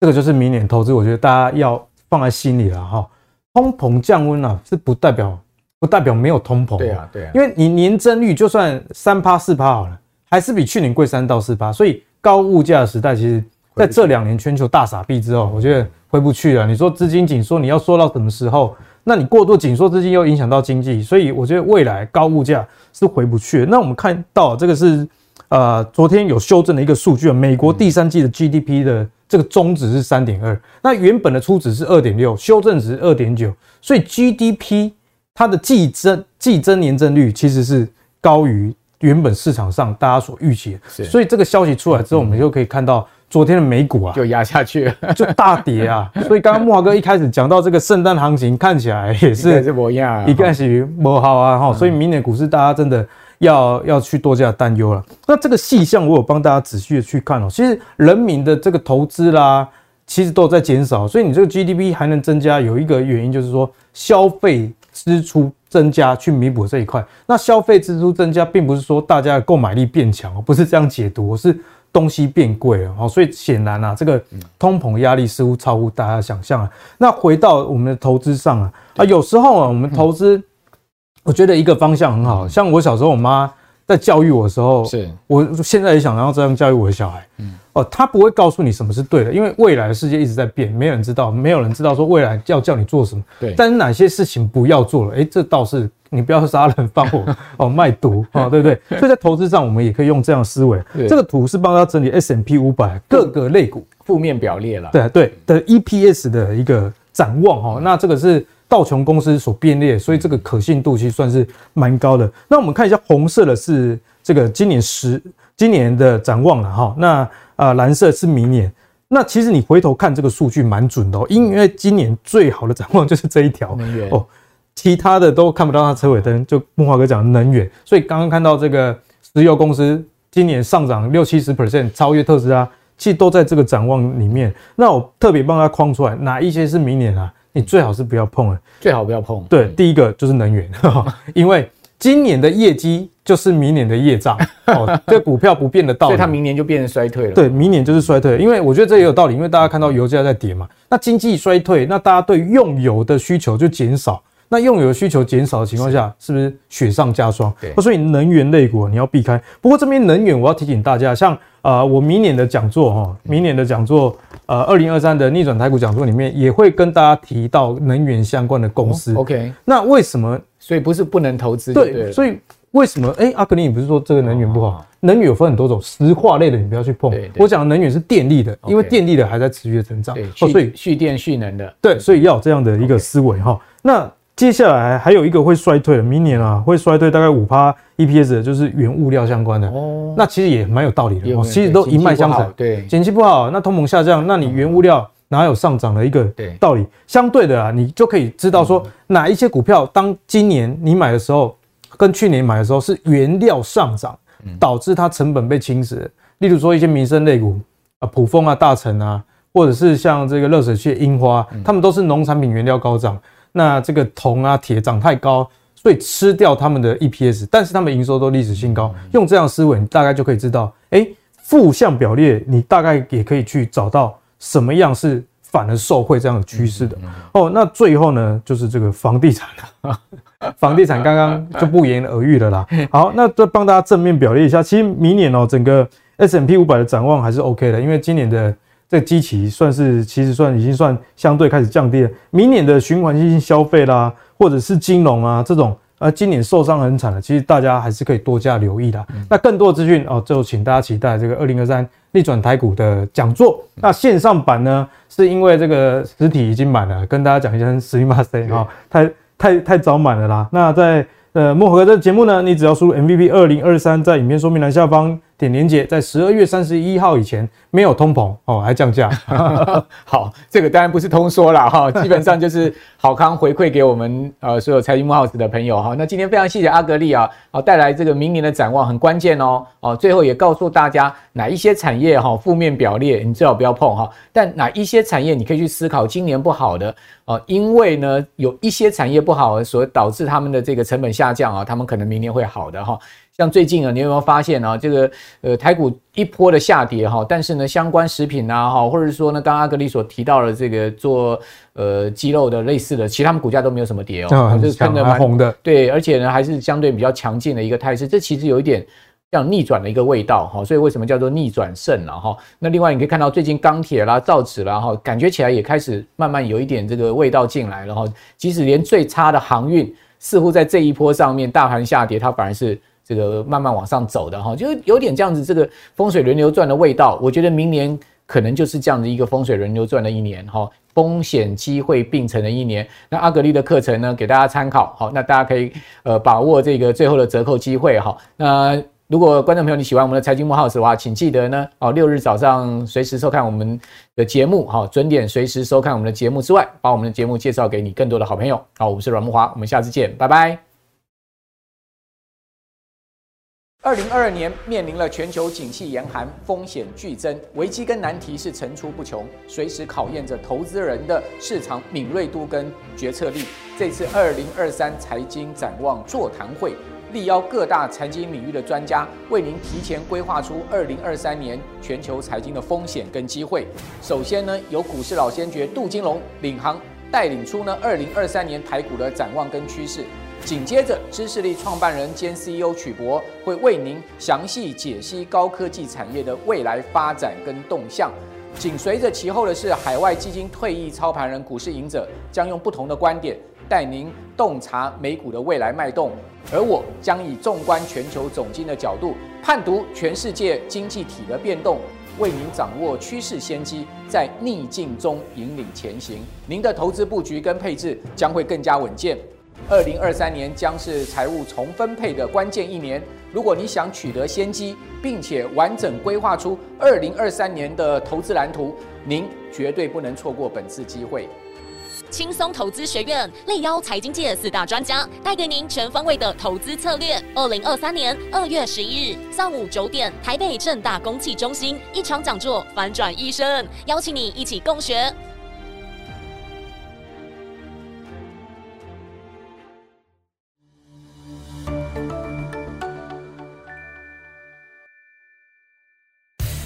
Speaker 2: 這個就是明年投資，我覺得大家要放在心裡了哈。通膨降溫了、啊、是不代表不代表沒有通膨，對啊對啊，因為你年增率就算三趴四趴好了，還是比去年貴三到四趴，所以高物價的時代其實。在這兩年全球大撒幣之後，我覺得回不去了。你說資金緊縮，你要縮到什麼時候？那你過度緊縮資金又影響到經濟，所以我覺得未來高物價是回不去。那我們看到這個是呃，昨天有修正的一個數據啊，美國第三季的 GDP 的這個終值是三點二，那原本的初值是二點六，修正值二點九，所以 GDP 它的季增季增年增率其實是高於原本市場上大家所預期的。所以這個消息出來之後，我們就可以看到、嗯。嗯昨天的美股啊，就壓下去，就大跌啊。 所以剛剛慕驊哥一開始講到這個聖誕行情，看起來也是這模樣，一看是不好啊哈。嗯、所以明年股市大家真的要要去多加擔憂了。那這個細項我有幫大家仔細的去看哦。其實人民的這個投資啦，其實都在減少，所以你這個 GDP 還能增加，有一個原因就是說消費支出增加去彌補這一塊。那消費支出增加，並不是說大家的購買力變強，不是這樣解讀，是。東西變貴了，好，所以顯然啊，這個通膨壓力似乎超乎大家的想象啊。那回到我們的投資上啊，啊，有時候啊，我們投資、嗯，我覺得一個方向很好，嗯、像我小時候我媽在教育我的時候，是我現在也想要這樣教育我的小孩，嗯，哦，他不會告訴你什麼是對的，因為未來的世界一直在變，沒有人知道，沒有人知道說未來要叫你做什麼，對，但是哪些事情不要做了，哎、欸，這倒是。你不要殺人放火哦，賣毒啊、 哦，對不對？ 所以在投資上，我們也可以用這樣的思維。這個圖是幫他整理 S&P 五百各個類
Speaker 1: 股負面表列了，
Speaker 2: 對對的 E P S 的一個展望哈、嗯。那這個是道瓊公司所編列，所以這個可信度其實算是蠻高的、嗯。那我們看一下，紅色的是這個今年十今年的展望了哈。那啊，藍色是明年。那其實你回頭看這個數據蠻準的哦，因為今年最好的展望就是這一條哦。其他的都看不到它車尾燈，就慕驊哥講能源，所以剛剛看到這個石油公司今年上漲六七十 percent 超越特斯拉，其實都在這個展望裡面。那我特別幫他框出來，哪一些是明年啊？你最好是不要碰了，最好不要碰。對，對第一個就是能源，呵呵 因為今年的業績就是明年的業障對、 喔、股票不變的道理， 所以它
Speaker 1: 明年就變成衰退了。對，
Speaker 2: 明年就是衰退了，因為我覺得這也有道理，因為大家看到油價在跌嘛，那經濟衰退，那大家對用油的需求就減少。那用油需求減少的情況下，是不是雪上加霜？所以能源類股你要避開。不過這邊能源，我要提醒大家，像啊、呃，我明年的講座哈，明年的講座，呃，二零二三的逆轉台股講座裡面，也會跟大家提到能源相關的公司、哦。OK，那為什麼？所以不是不能投資？對，所以為什麼？哎，阿格力，你不是說這個能源不好？哦哦哦，能源有分很多種，石化類的你不要去碰。對對對，我講的能源是電力的、okay，因為電力的還在持續的增長。哦，所以蓄電蓄能的。對，所以要有這樣的一個思維哈、okay。那。接下來還有一個會衰退的，明年啊會衰退大概五趴 E P S 的就是原物料相關的。哦，那其實也蠻有道理的。哦、嗯喔，其實都一脈相承。對，景氣不,不好，那通膨下降，那你原物料哪有上漲的一個道理？相對的啊，你就可以知道說、嗯、哪一些股票，當今年你買的時候，跟去年買的時候是原料上漲導致它成本被侵蝕、嗯。例如說一些民生類股啊，卜蜂啊、大成啊，或者是像這個熱水器櫻花，他們都是農產品原料高漲。那這個銅啊、鐵漲太高，所以吃掉他們的 EPS，但是他們營收都歷史新高。用這樣思維，你大概就可以知道，哎、欸，負向表列，你大概也可以去找到什麼樣是反而受惠這樣的趨勢的嗯嗯嗯嗯。哦，那最後呢，就是這個房地產了， 房地產剛剛就不言而喻了啦。好，那再幫大家正面表列一下，其實明年哦、喔，整個 S&P 五百的展望還是 O、OK、K 的，因為今年的。這個、機器算是，其實算已經算相對開始降低了。明年的循環性消費啦，或者是金融啊這種，呃，今年受傷很慘的，其實大家還是可以多加留意的、嗯。那更多資訊哦，就請大家期待這個二零二三逆轉台股的講座、嗯。那線上版呢，是因為這個實體已經滿了，跟大家講一聲私密馬賽啊，太太太早滿了啦。那在呃慕 House 哥的節目呢，你只要輸入 MVP 二零二三，在影片說明欄下方。點連結在十二月三十一號以前沒有通膨哦，
Speaker 1: 還降價。 好，這個當然不是通說啦哈，基本上就是好康回饋給我們呃所有財經慕 House 的朋友哈。那今天非常謝謝阿格力啊，好帶來這個明年的展望，很關鍵哦。哦，最後也告訴大家哪一些產業哈，負面表列，你最好不要碰哈。但哪一些產業你可以去思考，今年不好的啊，因為呢有一些產業不好所導致他們的這個成本下降啊，他們可能明年會好的哈。像最近啊，你有沒有發現啊，這個呃，台股一波的下跌哈，但是呢，相關食品啊，哈，或者是說呢，剛剛阿格力所提到的這個做呃雞肉的類似的，其實他們股價都沒有什麼跌哦，還是看著蠻紅的，對，而且呢，還是相對比較強勁的一個態勢，這其實有一點像逆轉的一個味道哈，所以為什麼叫做逆轉勝了、啊、哈？那另外你可以看到最近鋼鐵啦、造紙啦哈，感覺起來也開始慢慢有一點這個味道進來了哈，即使連最差的航運，似乎在這一波上面大盤下跌，它反而是這個慢慢往上走的哈，就有點這樣子，這個風水輪流轉的味道。我覺得明年可能就是這樣的一個風水輪流轉的一年哈，風險機會並存的一年。那阿格力的課程呢，給大家參考好，那大家可以呃把握這個最後的折扣機會哈。那如果觀眾朋友你喜歡我們的財經慕 House 的話，請記得呢哦六日早上隨時收看我們的節目哈，準點隨時收看我們的節目之外，把我們的節目介紹給你更多的好朋友。好，我是阮慕驊，我們下次見，拜拜。二零二二年面臨了全球景氣嚴寒，風險劇增，危機跟難題是層出不窮，隨時考驗着投資人的市場敏銳度跟決策力。這次二零二三財經展望座談會，力邀各大財經領域的專家，為您提前規劃出二零二三年全球財經的風險跟機會。首先呢，由股市老先覺杜金龍領航，帶領出呢二零二三年台股的展望跟趨勢。緊接着，知識力創辦人兼 CEO 曲博會為您詳細解析高科技產業的未來發展跟動向。緊隨着其後的是海外基金退役操盤人股市贏者，將用不同的觀點帶您洞察美股的未來脈動。而我將以縱觀全球總經的角度判讀全世界經濟體的變動，為您掌握趨勢先機，在逆境中引領前行。您的投資布局跟配置將會更加穩健。二零二三年將是財務重分配的關鍵一年。如果你想取得先機，並且完整規劃出二零二三年的投資藍圖，您絕對不能錯過本次機會。輕鬆投資學院力邀財經界四大專家，帶給您全方位的投資策略。二零二三年二月
Speaker 2: 十一日上午九點，台北政大公企中心一場講座，反轉一生，邀請你一起共學。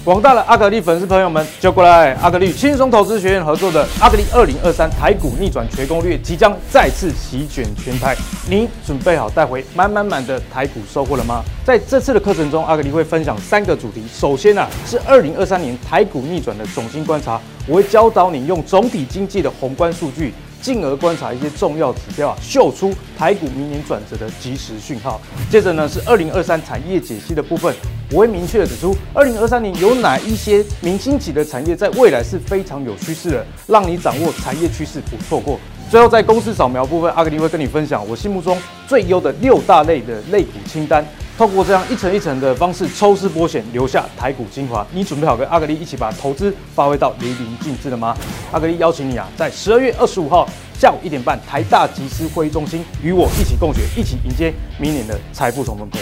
Speaker 2: 廣大的阿格力粉絲朋友們，就過來！阿格力輕鬆投資學院合作的阿格力二零二三台股逆轉全攻略即將再次席捲全台，你準備好帶回滿滿滿的台股收穫了嗎？在這次的課程中，阿格力會分享三個主題，首先呢、啊、是二零二三年台股逆轉的總經觀察，我會教導你用總體經濟的宏觀數據，進而觀察一些重要指標啊，嗅出台股明年轉折的及時訊號。接着呢是二零二三產業解析的部分。我會明確的指出，二零二三年有哪一些明星級的產業在未來是非常有趨勢的，讓你掌握產業趨勢不錯過。最後在公司掃描部分，阿格力會跟你分享我心目中最優的六大類的類股清單。透過這樣一層一層的方式抽絲剝繭，留下台股精華。你準備好跟阿格力一起把投資發揮到淋漓盡致了嗎？阿格力邀請你啊，在十二月二十五號下午一點半台大集思會議中心，與我一起共學，一起迎接明年的財富重分配。